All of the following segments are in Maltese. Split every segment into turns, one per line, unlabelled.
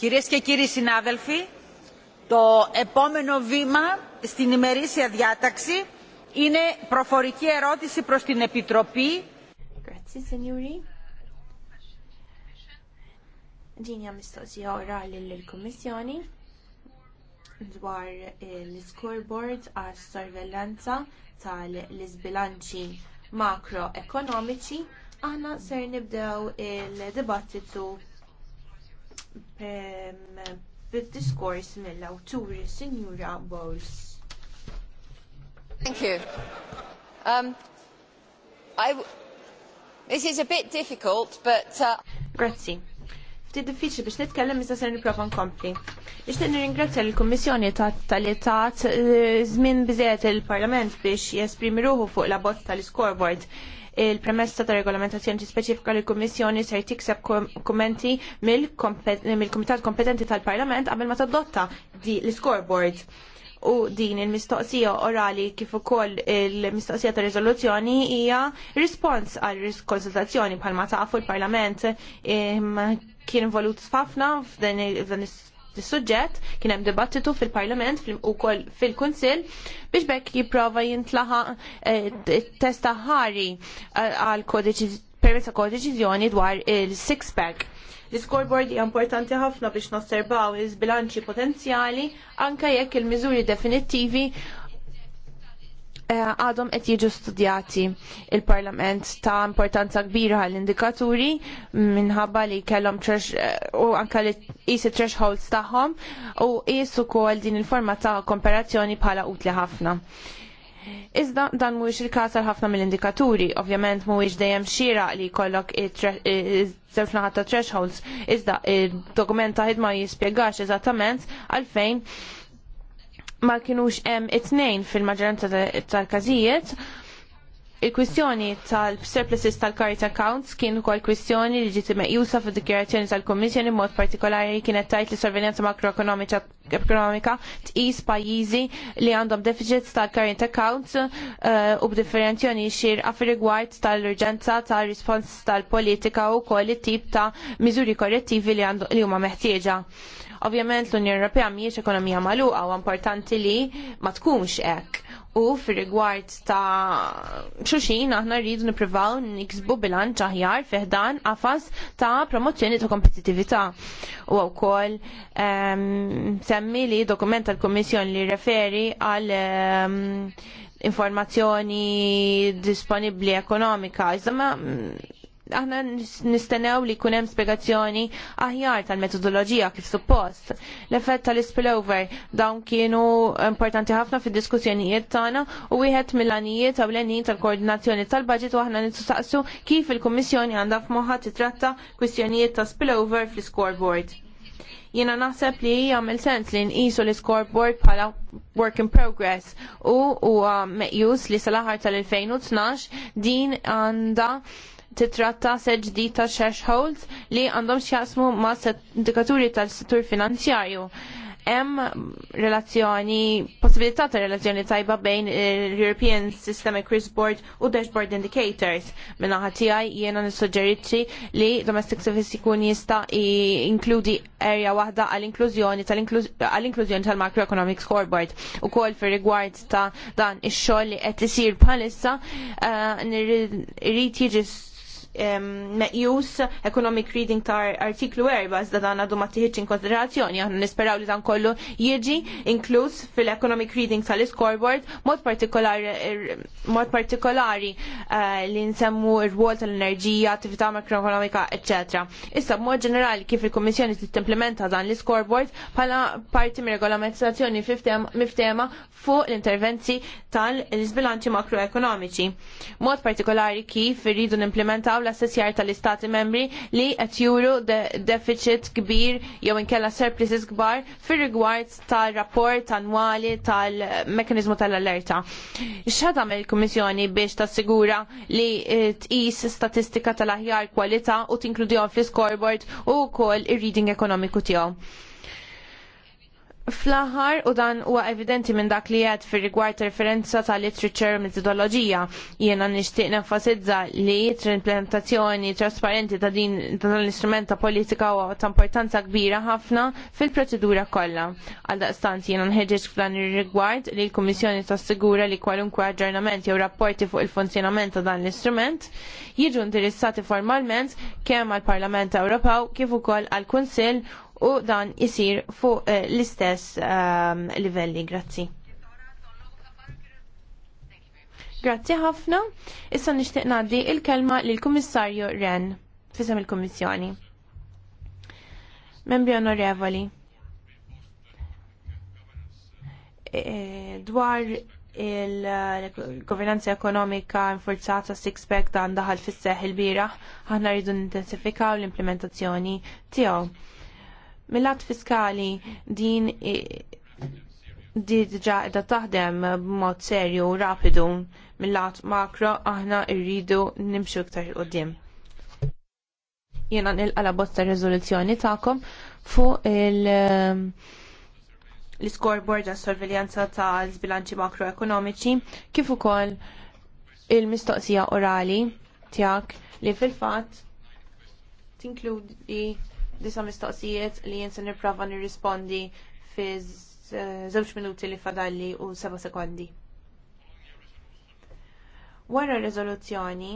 Κυρίες και κύριοι συνάδελφοι, το επόμενο βήμα στην ημερήσια διάταξη είναι προφορική ερώτηση προς την Επιτροπή. Grazie, signori. Ġinja mistoqsija orali l-Kommissjoni dwar eh, l-scoreboard għas sorvellanza tal l-sbilanċi makroekonomiċi. Aħna ser nibdew il debattitu bid-diskors mill-awturi Signora Bowles.
Thank you. Um, I this is a bit difficult, but... Uh...
Grazzi. Ftit diffiċli biex nitkellem iżda se nipprova nkompli. Ixten nirringrazzja l-Kommissjoni tal etat eh, żmien biżejjed il-Parlament biex jesprimi ruħu fuq la bozz tal-scoreboard il-premessa ta' regolamentazzjoni speċifika li l-Kummissjoni ser tikseb kummenti mill-Kumitat Kompetenti tal-Parlament qabel ma tadotta di l-scoreboard u din il-mistoqsija orali kif ukoll il-mistoqsija ta' riżoluzzjoni hija rispons għal konsultazzjoni bħalma tafu l-Parlament kien involut ħafna f'dan is is-suġġett kien hemm dibattitu fil-Parlament ukoll fil-Kunsill biex bekk jipprova jintlaħa eh, testa ħari eh, għal permezz ta' kodeċiżjoni dwar il-six pack. L-scoreboard hija importanti ħafna biex nosserbaw il-bilanċi potenzjali anke jekk il-miżuri definittivi Eh, għadhom qed jiġu studjati. Il-Parlament ta' importanza kbira għall-indikaturi minħabba li kellhom eh, u anke li qisi thresholds tagħhom u qis ukoll din il-forma ta' komparazzjoni bħala utli ħafna. Iżda dan mhuwiex il-każ għal ħafna mill-indikaturi, ovvjament mhuwiex dejjem xira li jkollok żewġ naħat ta' thresholds, iżda id-dokument ta' ħidma jispjegax eżattament għalfejn ma kienux hemm it-tnejn fil-maġġoranza tal-każijiet. Il-kwistjoni tal-surpluses tal-current accounts kien ukoll kwistjoni li ġiet meqjusa fid-dikjerazzjoni tal-Kummissjoni mod partikolari kienet tajt li sorvenjanza makroekonomika tqis pajjiżi li għandhom deficits tal-current accounts eh, u b'differenzjoni xir fir-rigward tal-urġenza tal-rispons tal-politika u koll it-tip ta' miżuri korrettivi li huma meħtieġa. Ovvjament l-Unjoni Ewropea mhijiex ekonomija magħluqa u importanti li ma tkunx hekk. U fir-rigward ta' xuxin aħna rridu nippruvaw niksbu bilanċ aħjar fih dan ta' promozzjoni ta' kompetitività. U wkoll um, semmi li dokument tal-Kummissjoni li referi għal um, informazzjoni disponibbli ekonomika. Iżda aħna nistenew li kunem spiegazzjoni aħjar tal-metodologija kif suppost. L-effett tal-spillover dawn kienu importanti ħafna fid diskussjonijiet tagħna u wieħed mill għanijiet u l tal-koordinazzjoni tal-budget u aħna nistaqsu kif il-Kummissjoni għandha f'moħħa titratta kwistjonijiet ta' spillover fl-scoreboard. Jiena naħseb li jgħamil sens li nqisu l-scoreboard bħala work in progress u huwa meqjus li sal-aħħar tal-2012 din għandha titratta seġdi ta' shareholds li għandhom xjasmu ma' indikaturi tal-settur finanzjarju. Hemm relazzjoni, possibilità ta' relazzjoni tajba bejn l-European Systemic Risk Board u Dashboard Indicators. Minna ħatijaj jiena nissuġġerixxi li domestic service ikun jista' inkludi area waħda għall-inklużjoni tal-inklużjoni tal scoreboard u kol fir rigward ta' dan ix-xogħol li qed isir bħalissa eh, irrid jiġi meqjus economic reading ta' artiklu 4 iżda dan għadu ma tiħiċ in konsiderazzjoni aħna nisperaw li dan kollu jiġi inkluż fil-economic reading tal-scoreboard mod partikolari er, mod partikolari eh, li nsemmu r wol tal-enerġija, attività makroekonomika, ecc. Issa b'mod ġenerali kif il-Kummissjoni timplementa dan l-scoreboard bħala parti mir regolamentazzjoni miftema fuq l-intervenzi tal-izbilanċi makroekonomiċi. Mod partikolari kif irridu nimplementaw naraw l-assessjar tal-istati membri li qed juru deficit kbir jew inkella surpluses kbar fir-rigward tal-rapport annwali tal-mekanizmu tal-allerta. X'għadam il-Kummissjoni biex tassigura li tqis statistika tal-aħjar kwalità u tinkludihom fl-scoreboard u wkoll ir-reading ekonomiku tiegħu. Fl-aħħar u dan huwa evidenti minn dak li għed fir rigward referenza ta' literature metodoloġija. Jiena nixtieq nenfasizza li implementazzjoni trasparenti ta' din dan l-istrument ta' politika huwa ta' importanza kbira ħafna fil-proċedura kollha. Għal daqstant jiena nħeġġeġ f'dan ir-rigward li l-Kummissjoni tassigura li kwalunkwe aġġornament jew rapporti fuq il-funzjonament ta' dan l-istrument jiġu ndirizzati formalment kemm għall-Parlament Ewropew kif ukoll għall-Kunsill u dan isir fuq eh, l-istess um, livelli. Grazzi. Grazzi ħafna. Issa nixtieq ngħaddi l kelma lill-Kummissarju Ren fisem il-Kummissjoni. Membri onorevoli. Eh, dwar il-governanza ekonomika infurzata six-pack dan daħal fis-seħ il-bira, aħna rridu nintensifikaw l-implementazzjoni tiegħu mill lat fiskali din di diġa edha taħdem b'mod serju u rapidu mill-lat makro aħna rridu nimxu iktar il-qoddim. Jena nilqa la bozza rezoluzzjoni ta'kom fuq il- um, l-scoreboard għas sorveljanza ta' l-bilanċi makroekonomiċi kif ukoll il-mistoqsija orali tiegħek li fil-fatt tinkludi disa mistoqsijiet li jinsen nirprava nirrispondi fi żewġ minuti li fadalli u seba sekondi. Wara r-riżoluzzjoni,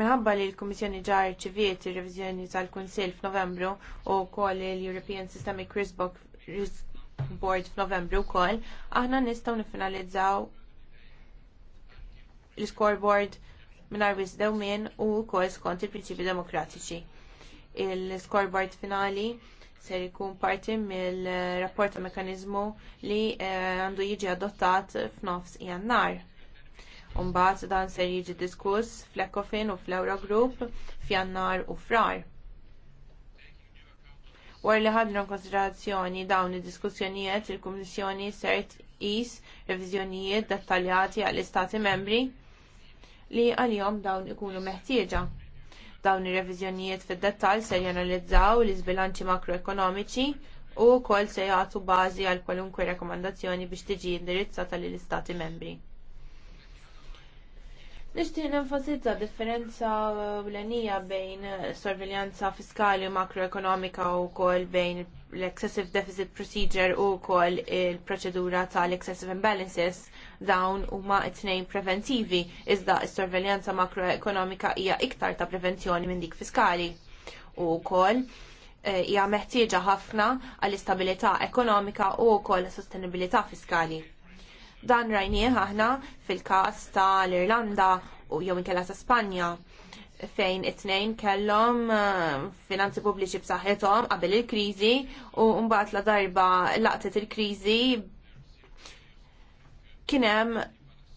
minħabba li l-Kummissjoni ġar ċiviet ir-reviżjoni tal kunsil f'Novembru u wkoll l-European Systemic Risk Board f'Novembru wkoll, aħna nistgħu nifinalizzaw l-scoreboard mingħajr wis dewmien u kol skont il-prinċipi demokratiċi. Il-scoreboard finali ser ikun parti mill-rapport ta' mekanizmu li eh, għandu jiġi adottat f'nofs jannar. Umbat dan ser jiġi diskuss fl ekofin u fl-Eurogroup f'jannar u frar. War li ħadna konsiderazzjoni dawn id-diskussjonijiet, il-Kummissjoni ser tqis reviżjonijiet dettaljati għall-Istati membri li għalihom dawn ikunu meħtieġa. Dawn ir-reviżjonijiet fid-dettall se janalizzaw l-iżbilanċi makroekonomiċi u wkoll se jagħtu bażi għal kwalunkwe rakkomandazzjoni biex tiġi indirizzata lill istati membri. Nixtieq nenfasizza differenza ewlenija bejn sorveljanza fiskali u makroekonomika u wkoll bejn l-excessive deficit procedure u wkoll il-proċedura tal-excessive imbalances dawn huma t-tnejn preventivi, iżda s-sorveljanza makroekonomika hija iktar ta' prevenzjoni minn dik fiskali. U wkoll eh, hija meħtieġa ħafna għall-istabilità ekonomika u wkoll sostenibilità fiskali. Dan rajnieh aħna fil-każ tal-Irlanda u jew inkella ta' Spanja fejn it-tnejn kellhom eh, finanzi pubbliċi b'saħħithom qabel il-kriżi u mbagħad la darba laqtet il-kriżi Kien hemm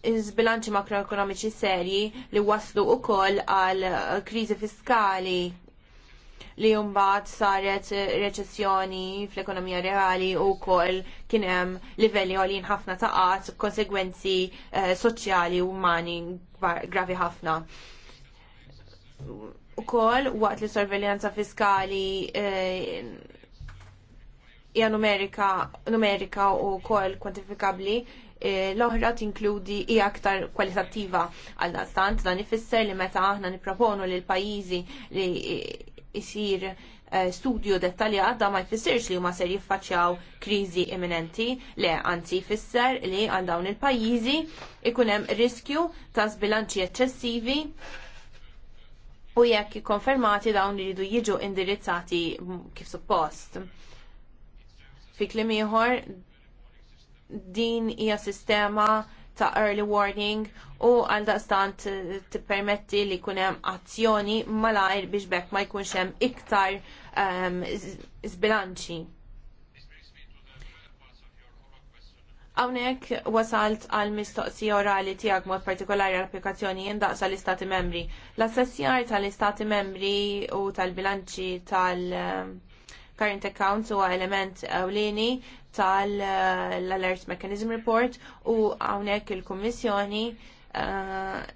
makroekonomiċi serji li waslu wkoll għal kriżi fiskali li jumbat saret reċessjoni fl-ekonomija reali u koll kienem livelli għolin ħafna taqat, konsegwenzi eh, soċjali u umani gravi ħafna. U koll waqt li sorveljanza fiskali eh, ja numerika, numerika u koll kwantifikabli Eh, l-oħra tinkludi i aktar kwalitattiva għal stant dan ifisser li meta aħna nipproponu lil pajjiżi li jsir eh, studju dettaljat da ma jfissirx li huma ser jiffaċċjaw kriżi imminenti, le anzi jfisser li għal dawn il-pajjiżi ikun hemm riskju ta' sbilanċi eċċessivi u jekk ikkonfermati dawn iridu jiġu indirizzati kif suppost. Fi kliem ieħor din hija sistema ta' early warning u għal daqstant tippermetti li jkun hemm azzjoni malajr biex bekk ma jkunx hemm iktar um, zbilanċi. Hawnhekk wasalt għal mistoqsija orali tiegħek mod partikolari l-applikazzjoni jindaqsa l-Istati Membri. L-assessjar tal-Istati Membri u tal-bilanċi tal-, -bilanċi ehm, tal current accounts huwa element ewlieni tal-Alert Mechanism Report u hawnhekk il-Kummissjoni eh,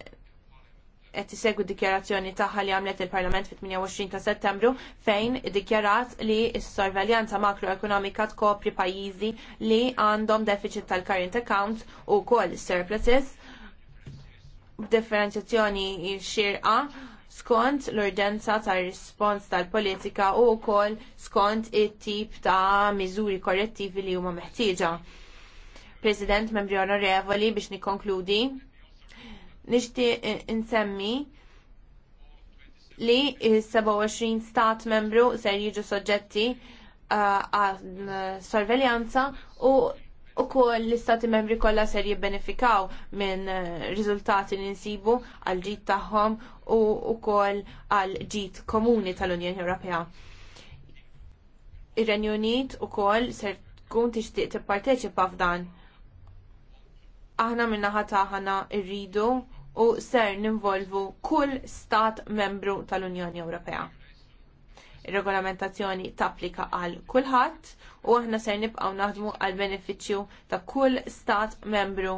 qed isegwu d-dikjarazzjoni tagħha li għamlet il-Parlament fit-28 ta' Settembru fejn dikjarat li s-sorveljanza makroekonomika tkopri pajjiżi li għandhom deficit tal-current accounts u kol surpluses b'differenzjazzjoni xirqa skont l-urġenza tar rispons tal-politika u wkoll skont it-tip ta' miżuri korrettivi li huma meħtieġa. President, membri onorevoli biex nikkonkludi, nixtieq insemmi li 27 stat membru ser jiġu soġġetti uh, għal uh, sorveljanza u u koll l-istati membri kollha ser jibbenefikaw minn eh, riżultati li nsibu għal ġid tagħhom u wkoll għal ġid komuni tal-Unjoni Ewropea. Ir-Renju Unit ukoll ser tkun tixtieq tipparteċipa f'dan. Aħna minnaħa taħna rridu u ser ninvolvu kull stat membru tal-Unjoni Ewropea regolamentazzjoni tapplika għal kulħadd u aħna ser nibqgħu naħdmu għal benefiċċju ta' kull stat membru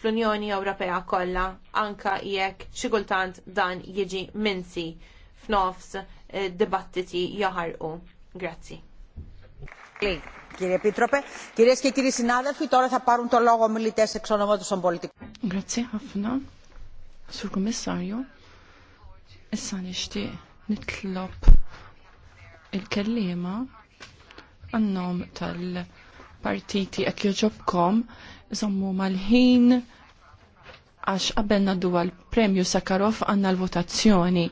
fl-Unjoni Ewropea kollha anke jekk xi kultant dan jiġi minsi f'nofs eh, dibattiti jaħarqu. Grazzi. Grazzi Grazie,
ħafna. Sur Kommissarju, issa nixtieq nitlob il-kellima għannom tal-partiti għek joġobkom zommu mal-ħin għax qabel naddu għal-premju Sakarov għanna l-votazzjoni.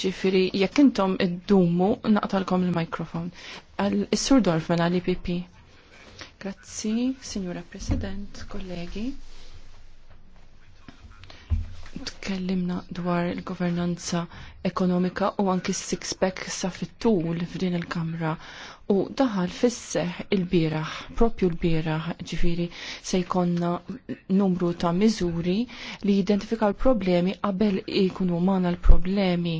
Ġifiri, jekk intom id-dumu, naqtalkom l-mikrofon. Is-Sur Dorfman għal-IPP. Grazzi, Signora President, kollegi tkellimna dwar il-governanza ekonomika u anki s-six-pack sa fit-tul f'din il-kamra u daħal fisseħ il-biraħ, propju l-biraħ ġifiri se jkonna numru ta' miżuri li jidentifika l-problemi qabel ikunu mana l-problemi.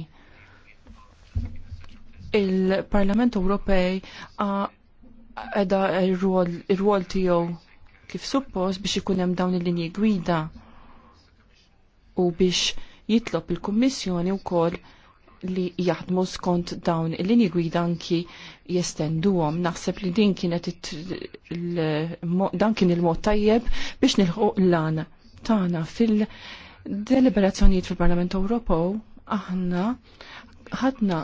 Il-Parlament Ewropej għada il-rwol tiegħu kif suppos biex ikun hemm dawn il-linji gwida u biex jitlob il-Kummissjoni wkoll li jaħdmu skont dawn il-linji gwida anki għom. Naħseb li din kienet dan kien il-mod tajjeb biex nilħu l-lan tagħna fil-deliberazzjonijiet fil-Parlament Ewropew aħna ħadna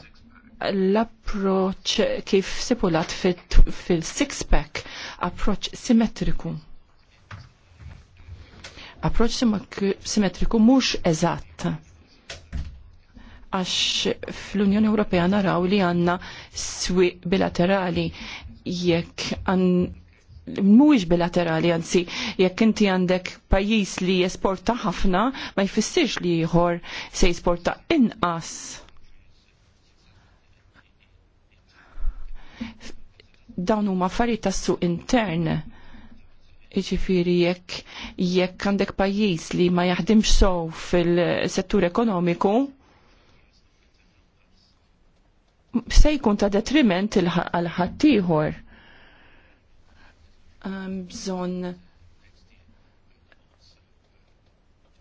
l-approċ kif sipulat fil-six-pack, approċ simmetriku approċ simmetriku mhux eżatt. Għax fl-Unjoni Ewropea naraw li għandna swieq bilaterali jekk għan mhuwiex bilaterali anzi jekk inti għandek pajjiż li jesporta ħafna ma jfissirx li ieħor se jesporta inqas. Dawn huma affarijiet tas-suq intern Iġifiri jekk jekk għandek pajjiż li ma jaħdimx sow fil-settur ekonomiku, se jkun ta' detriment għal ħaddieħor. Bżonn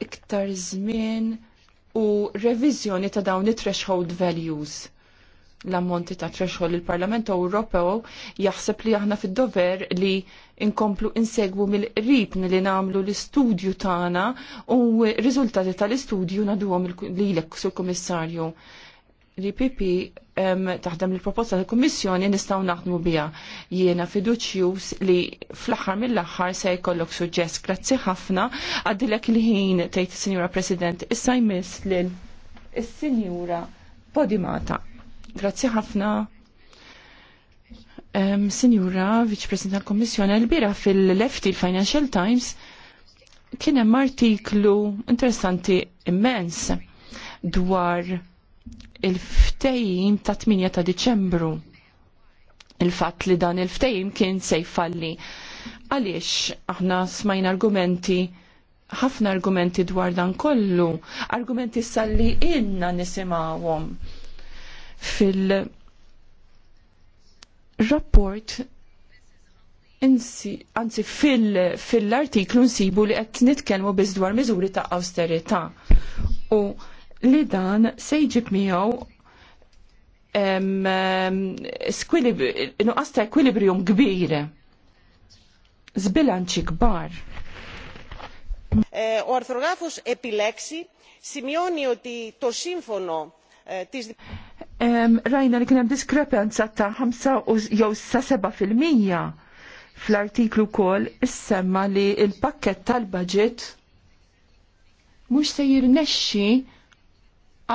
iktar żmien u reviżjoni ta' dawn it-threshold values l-ammonti ta' threshold il-Parlament Ewropew jaħseb li aħna fid-dover li inkomplu insegwu mill-qrib li namlu l-istudju tagħna u riżultati tal-istudju li lilek sur kummissarju. Li pipi taħdem l-proposta tal-Kummissjoni nistgħu naħdmu biha. Jiena fiduċjus li fl-aħħar mill-aħħar se jkollok suġġess. Grazzi ħafna għaddilek il-ħin tgħid Signora sinjura President issa jmiss lil is-Sinjura Podimata. Grazzi ħafna. Um, Sinjura, Viċ President tal-Kommissjoni, l-bira fil-Lefty Financial Times kien hemm artiklu interessanti immens dwar il-ftejim ta' 8 ta' Diċembru. Il-fatt li dan il-ftejim kien se jfalli. Għaliex aħna smajna argumenti ħafna argumenti dwar dan kollu, argumenti salli inna nisimawhom fil-rapport anzi fil-artiklu nsibu li qed nitkellmu biss dwar miżuri ta' austerità u li dan se jġib miegħu nuqqas ta' ekwilibrium kbir zbilanċi kbar.
Ο αρθρογράφος επιλέξει σημειώνει ότι το σύμφωνο Eh,
rajna li kienem diskrepanza ta' 5 jew sa' 7 fil-mija fl-artiklu kol semma li il-pakket tal-budget mux se jirnexxi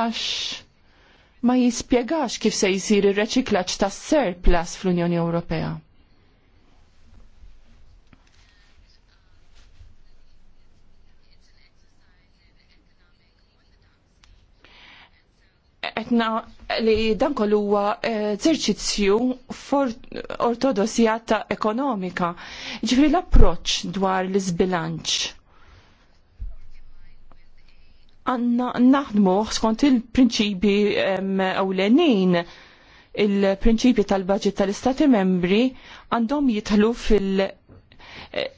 għax ma jispiegax kif se jisir ir-reċiklaġġ tas-surplus fl-Unjoni Ewropea. etna li dan kollu huwa eh, eżerċizzju ortodossija ta' ekonomika. Ġifri l-approċ dwar l-izbilanċ. Għanna naħdmu skont il-prinċipi ewlenin il-prinċipi tal-budget tal-istati membri għandhom jitħlu fil- eh,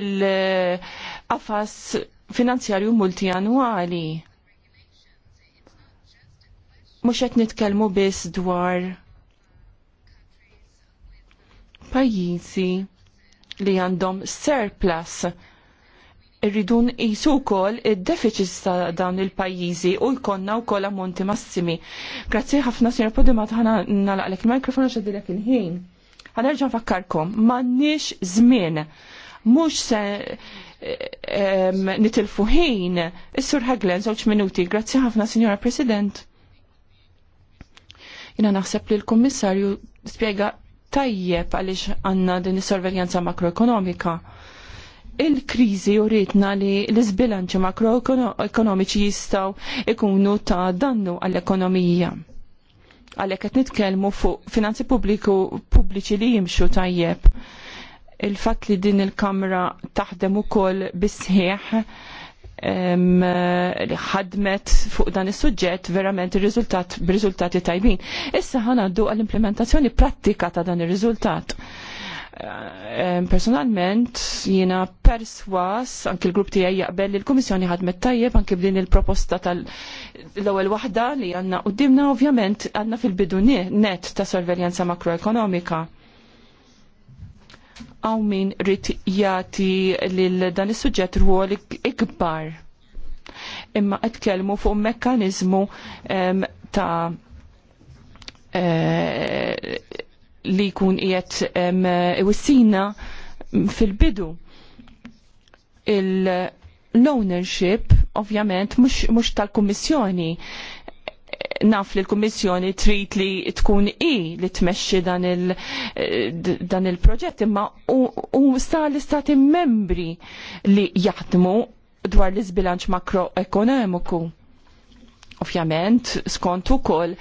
il-qafas eh, finanzjarju multijanwali mhux qed nitkellmu biss dwar pajjiżi li għandhom surplus irridu nqisu wkoll id deficit ta' dawn il-pajjiżi u jkollna wkoll ammonti massimi. Grazzi ħafna Sinjor Podimat ħana nalaqlek il-mikrofon għax il-ħin. Ħanerġa' nfakkarkom, m'għandniex żmien mux se um, nitilfu ħin. Is-sur Haglen, żewġ minuti, grazzi ħafna, Signora President. Jina naħseb li l-Kummissarju spiega tajjeb għaliex għanna din is-sorveljanza makroekonomika. Il-krizi uritna li l-izbilanċi makroekonomiċi jistaw ikunu ta' dannu għall-ekonomija. Għalek qed nitkellmu fuq finanzi pubbliku pubbliċi li jimxu tajjeb. Il-fatt li din il-Kamra taħdem ukoll bisħieħ li eh, ħadmet fuq dan is-suġġett verament ir-riżultat b'riżultati tajbin. Issa ħanaddu għall-implementazzjoni prattika ta' dan ir-riżultat. Eh, personalment jiena perswas anki l-grupp tiegħi jaqbel li l-Kummissjoni ħadmet tajjeb anki b'din il-proposta tal-ewwel waħda li għandna qudiemna ovvjament għandna fil-bidu net ta' sorveljanza makroekonomika għaw min rrit jati lil dan is-suġġett rwol ikbar. Imma qed kelmu fuq mekkaniżmu ta' eh, li jkun qiegħed iwissina fil-bidu. Il-ownership ovvjament mhux tal-kummissjoni naf li l-Kummissjoni trid li tkun i li tmexxi dan il-proġett imma u sta l-istati membri li jaħdmu dwar l-izbilanċ makroekonomiku. Ovvjament, skont ukoll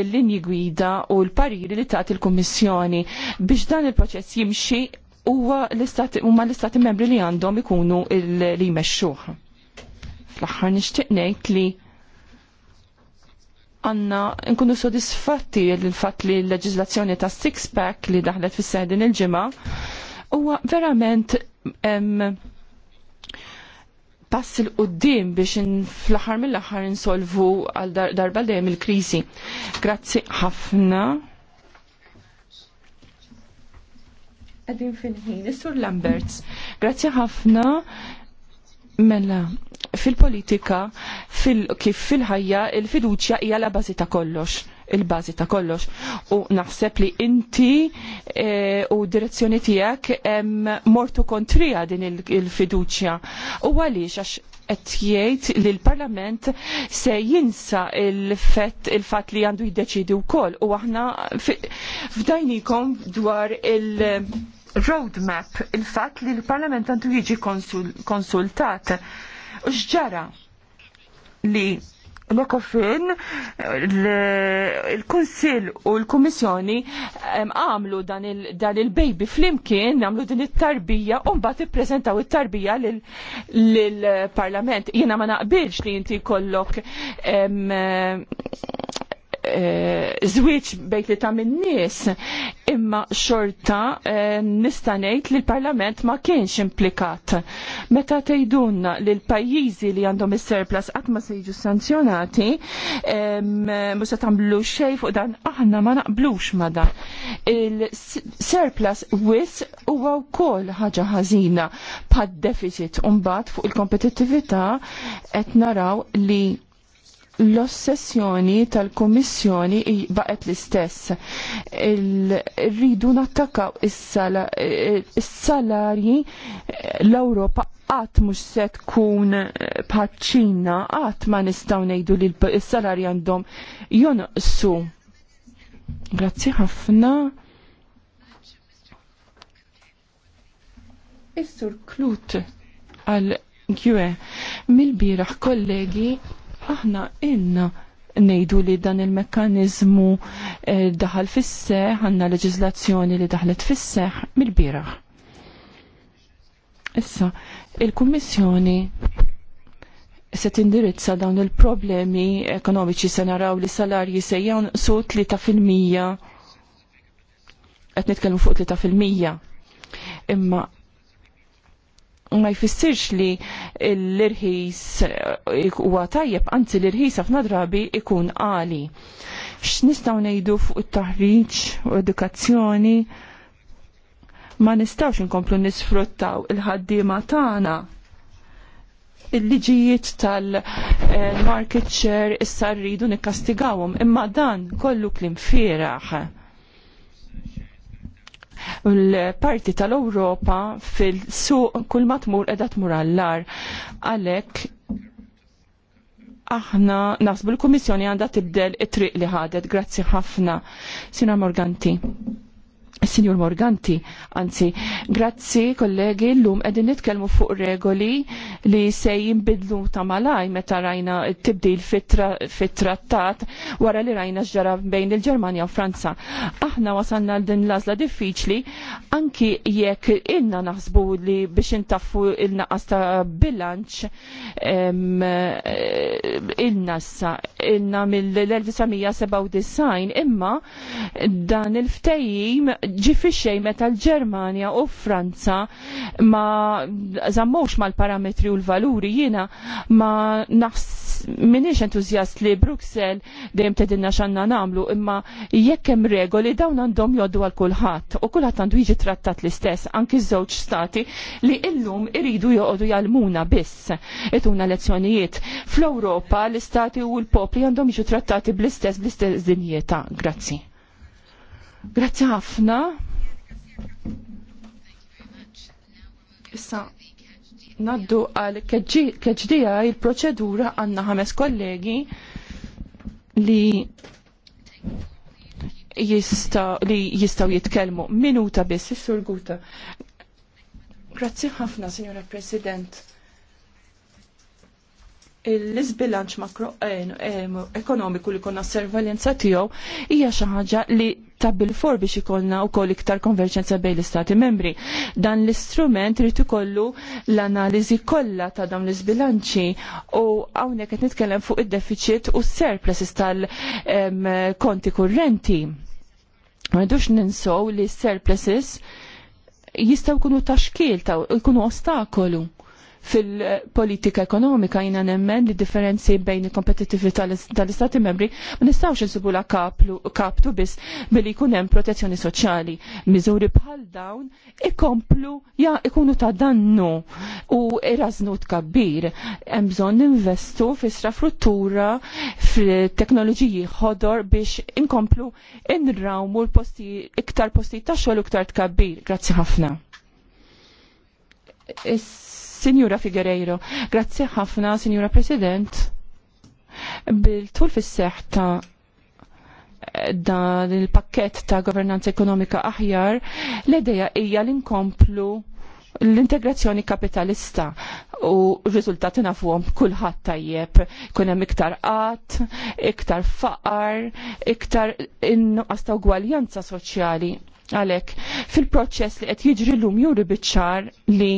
l linji gwida u l-pariri li tagħti l-Kummissjoni biex dan il-proċess jimxi huwa l-istati huma l-istati membri li għandhom ikunu li jmexxuh. Fl-aħħar nixtieq ngħid li għanna nkunu sodisfatti l-fat li l-leġizlazzjoni ta' six-pack li daħlet fis din il-ġimma huwa verament pass il qoddim biex fl-aħħar mill-aħħar insolvu għal darba dejjem il krisi Grazzi ħafna. Qegħdin fil-ħin, sur Lamberts. Grazzi ħafna Mela, fil-politika, fil kif fil-ħajja, il-fiduċja hija la bażi ta' kollox il-bazi ta' kollox. U naħseb li inti e, u direzzjoni tijak mortu kontrija din il-fiduċja. Il u għalix, għax qed jgħid li l-Parlament se jinsa il-fett il-fatt li għandu jiddeċidi wkoll u aħna f'dajnikom dwar il- roadmap il-fat li l-Parlament għandu jiġi konsultat. Xġara li l-ekofin, il-Konsil u l-Komissjoni għamlu dan il-baby flimkien, għamlu din it-tarbija, unbat i-prezentaw it-tarbija l-Parlament. Jena ma naqbilx li inti kollok Eh, żwieġ bejt li ta' minn nies imma xorta eh, nista' ngħid li l-Parlament ma kienx implikat. Meta tgħidulna li l-pajjiżi li għandhom is-surplus qatt ma se jiġu sanzjonati mhux se tagħmlu xejn fuq dan aħna ma naqblux ma dan. Il-surplus wis huwa wkoll ħaġa ħażina bħad deficit u mbagħad fuq il-kompetittività qed naraw li l-ossessjoni tal kummissjoni baqet l-istess. Rridu nattakaw eh, is-salarji eh, l-Ewropa għat mux se tkun eh, paċċina, għat ma nistaw nejdu li s-salarji għandhom jonqsu. Grazzi ħafna. Is-sur Klut għal-Gwe. Mil-biraħ kollegi Aħna inna nejdu li dan il-mekkanizmu eh, daħal fisseħ, għanna leġizlazzjoni li daħlet fisseħ mil biraħ Issa, il-Kummissjoni se tindirizza dawn il-problemi ekonomiċi se naraw li salarji se jonqsu 3% qed nitkellmu fuq 3% imma ma jfissirx li l-irħis eh, huwa tajjeb, anzi l-irħis ħafna drabi ikun għali. X'nistgħu ngħidu fuq it-taħriġ u edukazzjoni ma nistgħux inkomplu nisfruttaw il-ħaddiema tagħna il-liġijiet tal-market eh, share issa rridu nikkastigawhom imma dan kollu klim fieraħ l-parti tal-Ewropa fil-suq kull ma tmur qiegħda tmur għall Għalhekk aħna nasbu l-Kummissjoni għandha tibdel it-triq li ħadet. Grazzi ħafna. Sina Morganti. Signor Morganti, anzi, grazzi kollegi, l-lum edin nitkelmu fuq regoli li se jimbidlu ta' malaj meta rajna tibdil fit-trattat wara li rajna ġara bejn il-Germania u Franza. Aħna wasanna din lazla diffiċli, anki jekk inna naħsbu li biex intaffu il-naqas ta' bilanċ inna nassa inna mill-1997 imma dan il-ftejjim ġifi xej meta l-Ġermanja u Franza ma zammux mal-parametri u l-valuri jina ma nafs minix entuzjast li Bruxelles dejjem tedinna xanna namlu imma jekk hemm regoli dawn għandhom joddu għal kulħadd u kulħadd għandu jiġi trattat l-istess anki żewġ stati li illum iridu joqogħdu jalmuna biss ituna lezzjonijiet. Fl-Ewropa l-istati u l-popli għandhom jiġu trattati bl-istess bl-istess dinjeta. Grazzi. Grazzi ħafna. Issa, naddu għal keġdija il-proċedura għanna ħames kollegi li jista li jistaw jitkellmu minuta biss is-surguta. Grazzi ħafna, Signora President l-izbilanċ makroekonomiku li konna servalenza tiegħu hija xi ħaġa li tabbil for biex ikollna wkoll iktar konverġenza bejn l-istati membri. Dan l-istrument rritu ikollu l-analiżi kollha ta' dawn l-iżbilanċi u hawnhekk qed nitkellem fuq id-deficit u s-surpluses tal-konti kurrenti. Ma rridux ninsow li s-surpluses jistgħu jkunu taxkil ta' jkunu ostakolu fil-politika ekonomika jina nemmen li differenzi bejn il-kompetitività tal-istati membri ma nistawx nsibu la kaptu biss billi jkun hemm protezzjoni soċjali. Miżuri bħal dawn ikomplu ja ikunu ta' dannu u irraznu tkabbir. Hemm bżonn investu fl-istrafruttura, fil-teknoloġiji ħodor biex inkomplu inrawmu l-posti iktar posti ta' xogħol iktar tkabbir. Grazzi ħafna. Is Signora Figueiredo, grazzi ħafna, Signora President, bil-tul fis seħta ta' dan il-pakket ta' governanza ekonomika aħjar, l-ideja hija li nkomplu l-integrazzjoni kapitalista u r-riżultati nafuhom kulħadd tajjeb. Kun hemm iktar qatt, iktar faqar, iktar innuqqas ta' ugwaljanza soċjali. Għalhekk fil-proċess li qed jiġri lum juri biċ-ċar li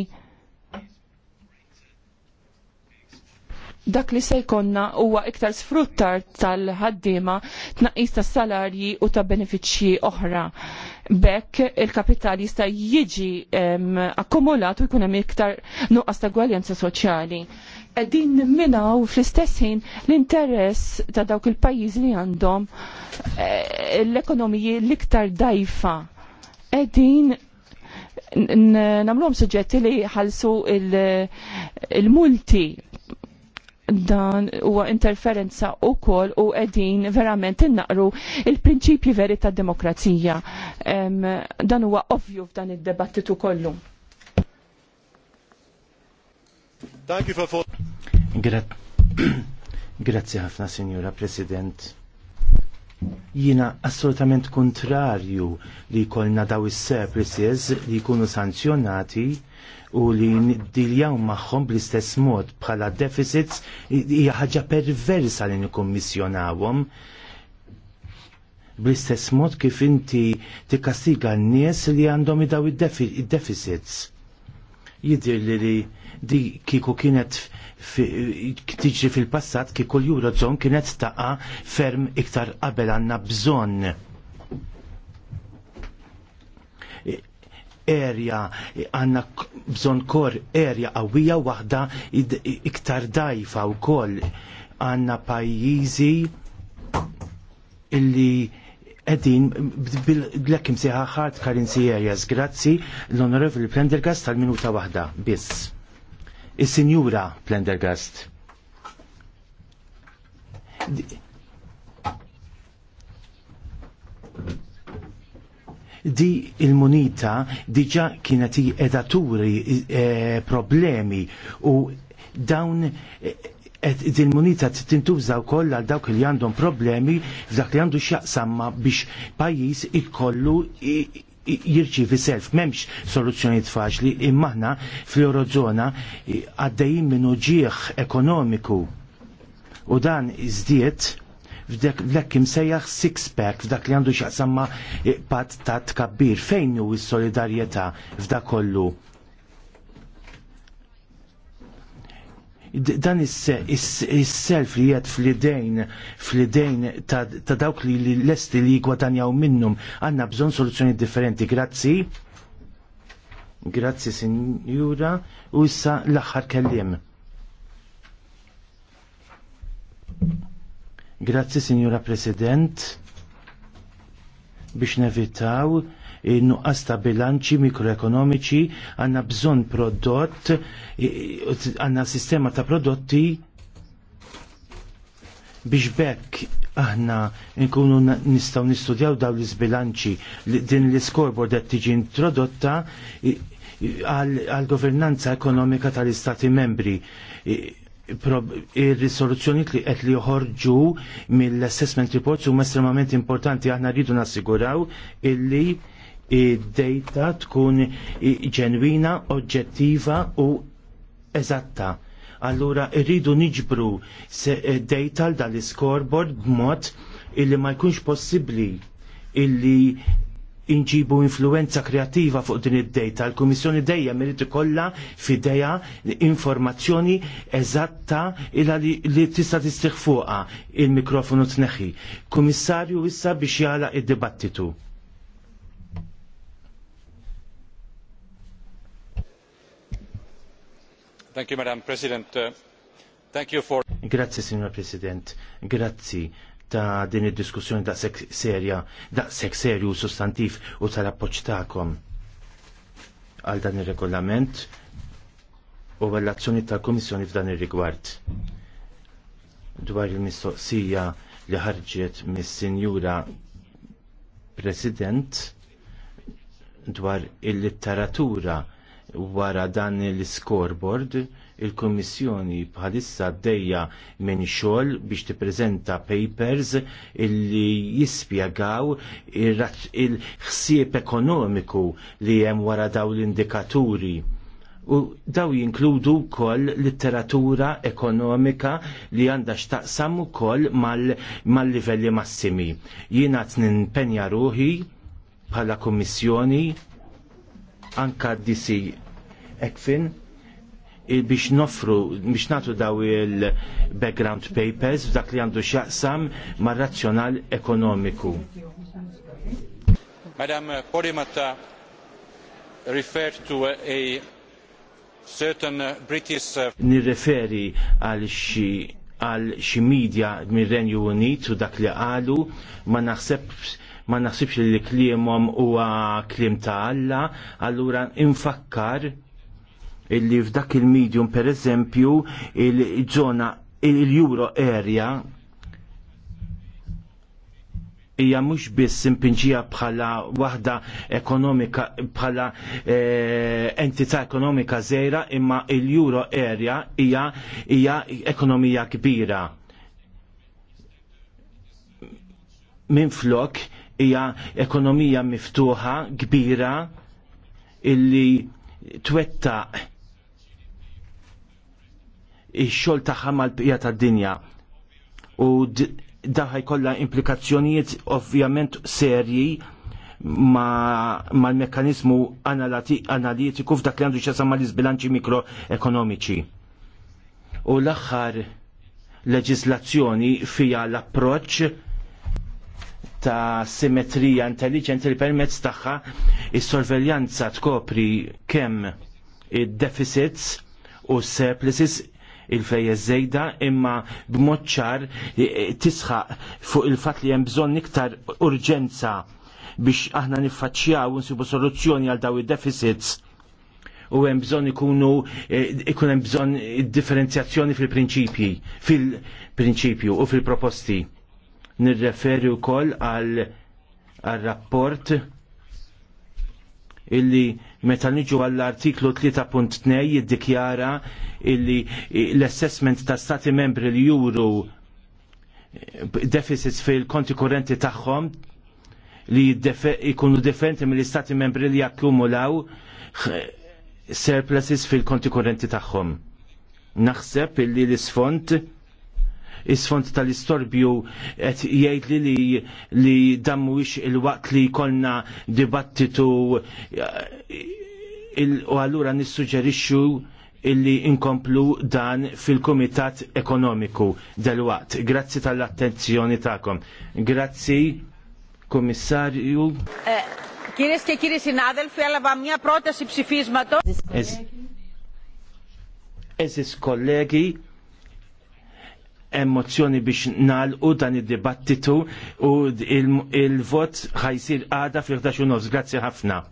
dak li se jkollna huwa iktar sfruttar tal-ħaddiema tnaqqis tas salarji u ta' benefiċċji oħra. Bekk il-kapital jista' jiġi akkumulat u jkun hemm iktar nuqqas ta' gwaljanza soċjali. Qegħdin u fl-istess ħin l-interess ta' dawk il-pajjiżi li għandhom eh, l-ekonomiji l-iktar dajfa. Qegħdin nagħmluhom suġġetti li ħalsu il-multi il dan huwa interferenza u kol u edin verament innaqru il-prinċipji veri ta' demokrazija. Um, dan huwa ovvju f'dan id-debattitu kollu.
Thank you for Grazzi ħafna, Signora President. Jina assolutament kontrarju li kolna daw is-surpluses li jkunu sanzjonati u li niddiljaw magħhom bl-istess mod bħala deficits hija ħaġa perversa li nikkommissjonawhom bl-istess mod kif inti tikkastiga n-nies li għandhom idaw id-deficits. Jidir li li di kiku kienet tiġri fil-passat kiku l-Eurozone kienet taqa ferm iktar qabel għanna bżonn area għanna bżon kor area għawija waħda iktar dajfa u kol għanna pajjiżi illi edin bil-lekkim siħa ħart karin siħajas grazzi l-onorevoli Prendergast tal-minuta wahda biss. Is-sinjura Prendergast di il-munita diġa kienet edaturi e, eh, problemi u dawn eh, et il-munita tintuża wkoll għal dawk li għandhom problemi f'dak li għandu x'jaqsamma biex pajjiż ikollu fi self, memx soluzzjoniet faċli, immaħna fl-Eurozona għaddejjin minn uġieħ ekonomiku u dan iżdiet f'dak imsejjaħ six pack f'dak li għandu xaqsamma pat ta' tkabbir fejn hu s-solidarjetà f'dak kollu. Dan is-self li jgħed fl-idejn fl-idejn ta' dawk li l-esti li gwadanjaw minnum għanna bżon soluzzjoni differenti. Grazzi. Grazzi, Sinjura. U issa l axar kellim. Grazzi, Signora President, biex nevitaw nuqqas ta' bilanċi mikroekonomiċi għanna bżon prodott, għanna sistema ta' prodotti biex bekk aħna nkunu nistaw nistudjaw daw l li din l-iskorbor qed tiġi introdotta għal governanza ekonomika tal-Istati membri. I, il-risoluzzjoni li qed li joħorġu mill-assessment reports huma estremament importanti aħna rridu nassiguraw illi id-data tkun ġenwina, oġġettiva u eżatta. Allura rridu niġbru data l dal-scoreboard b'mod illi ma jkunx possibbli illi inġibu influenza kreativa fuq din id-dejta. L-Kummissjoni dejjem irid ikollha f'idejha informazzjoni eżatta ilha li tista' tistieħ fuqha il-mikrofonu tneħħi. Kummissarju issa biex jala id-dibattitu.
Thank you, Madam President. Uh, thank you for...
Grazie, Signor President. Grazie ta' din id-diskussjoni da' sek serja, da' sek serju sustantiv u tal-appoċ ta'kom għal dan il-regolament u għall-azzjoni tal-Komissjoni f'dan il-rigward dwar il-mistoqsija li ħarġiet mis-Sinjura President dwar il-litteratura wara dan il scoreboard il-Kommissjoni bħalissa għaddejja minn xogħol biex tippreżenta papers illi jispjegaw il-ħsieb ekonomiku li hemm wara daw l-indikaturi. U daw jinkludu wkoll litteratura ekonomika li għandha xtaqsam ukoll mal-livelli mal massimi. Jiena qed nimpenja ruħi bħala Kummissjoni anka DC Ekfin biex nofru, biex natu daw il-background papers f'dak li għandu xaqsam ma' razzjonal ekonomiku.
Madam Podimata referred to a certain British... Uh,
Nirreferi għal xi għal xi media mir-Renju Unit u dak li qalu ma naħseb ma naħsibx li kliemhom huwa kliem ta' Alla, allura infakkar illi f'dak il-medium per eżempju il-ġona il-euro area hija mhux biss impinġija bħala waħda ekonomika bħala eh, entità ekonomika żgħira imma l-euro area hija hija ekonomija kbira. Minflok hija ekonomija miftuħa kbira illi twettaq ix xol tagħha mal-bqija tad-dinja. U daħħa jkollha implikazzjonijiet ovvjament serji ma, ma l-mekkanizmu analitiku f'dak li għandu xasam ma izbilanċi mikroekonomiċi. U l-axħar leġislazzjoni fija l-approċ ta' simetrija intelligenti li permezz tagħha is-sorveljanza tkopri kemm id-deficits u s surpluses il-fejja żejda imma bmoċċar ċar e, e, tisħaq fuq il-fatt li hemm bżonn iktar urġenza biex aħna niffaċċjaw nsibu soluzzjoni għal daw id-deficits u hemm bżonn ikunu e, ikun hemm bżonn differenzjazzjoni fil-prinċipji, fil-prinċipju u fil-proposti. Nirreferi wkoll għal rapport illi Meta niġu għall-artiklu 3.2 jiddikjara illi l-assessment ta' stati membri li juru deficits fil-konti korrenti tagħhom li jkunu differenti mill-istati membri li jakkumulaw surpluses fil-konti korrenti tagħhom. Naħseb illi l-isfond is-fond tal-istorbju qed jgħid li li dan mhuwiex il-waqt li jkollna dibattitu eh, u allura nissuġġerixxu illi inkomplu dan fil-Kumitat Ekonomiku dal-waqt. Grazzi tal-attenzjoni tagħkom. Grazzi, Kummissarju. in
eh, και κύριοι συνάδελφοι, έλαβα μια πρόταση ψηφίσματος.
Εσείς kollegi emozjoni biex nalqu dan id-dibattitu u il-vot ħajsir għada fl-11 nofs. Grazie ħafna.